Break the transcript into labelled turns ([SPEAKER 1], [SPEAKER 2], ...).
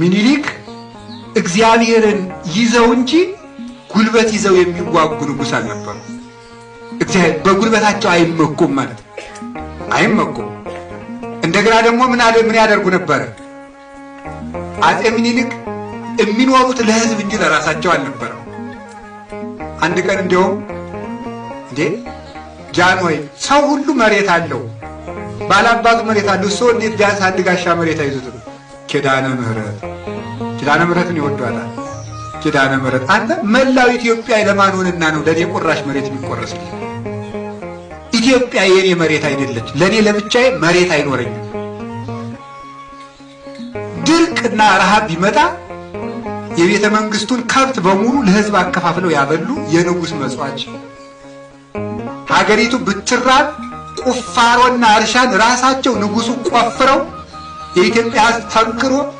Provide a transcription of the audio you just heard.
[SPEAKER 1] ምኒልክ እግዚአብሔርን ይዘው እንጂ ጉልበት ይዘው የሚዋጉ ንጉሥ አልነበሩ። እግዚአብሔር በጉልበታቸው አይመኩም ማለት አይመኩም። እንደገና ደግሞ ምን ምን ያደርጉ ነበረ? አጼ ምኒልክ የሚኖሩት ለህዝብ እንጂ ለራሳቸው አልነበረም። አንድ ቀን እንዲያውም እንዴ ጃን ሰው ሁሉ መሬት አለው፣ ባላባቱ መሬት አለው፣ ሰው እንዴት ቢያንስ አንድ ጋሻ መሬት አይዙት ኪዳነ ምሕረት ኪዳነ ምሕረትን ይወዷታል። ኪዳነ ምሕረት አንተ መላው ኢትዮጵያ ለማን ሆነና ነው ለእኔ ቁራሽ መሬት የሚቆረስልኝ? ኢትዮጵያ የእኔ መሬት አይደለች። ለእኔ ለብቻዬ መሬት አይኖረኝም። ድርቅና ረሃብ ቢመጣ የቤተ መንግስቱን ከብት በሙሉ ለህዝብ አከፋፍለው ያበሉ የንጉሥ መጽዋች። ሀገሪቱ ብትራብ ቁፋሮና እርሻን ራሳቸው ንጉሱ ቆፍረው ඒකෙත් එහා තරු කරුවොත්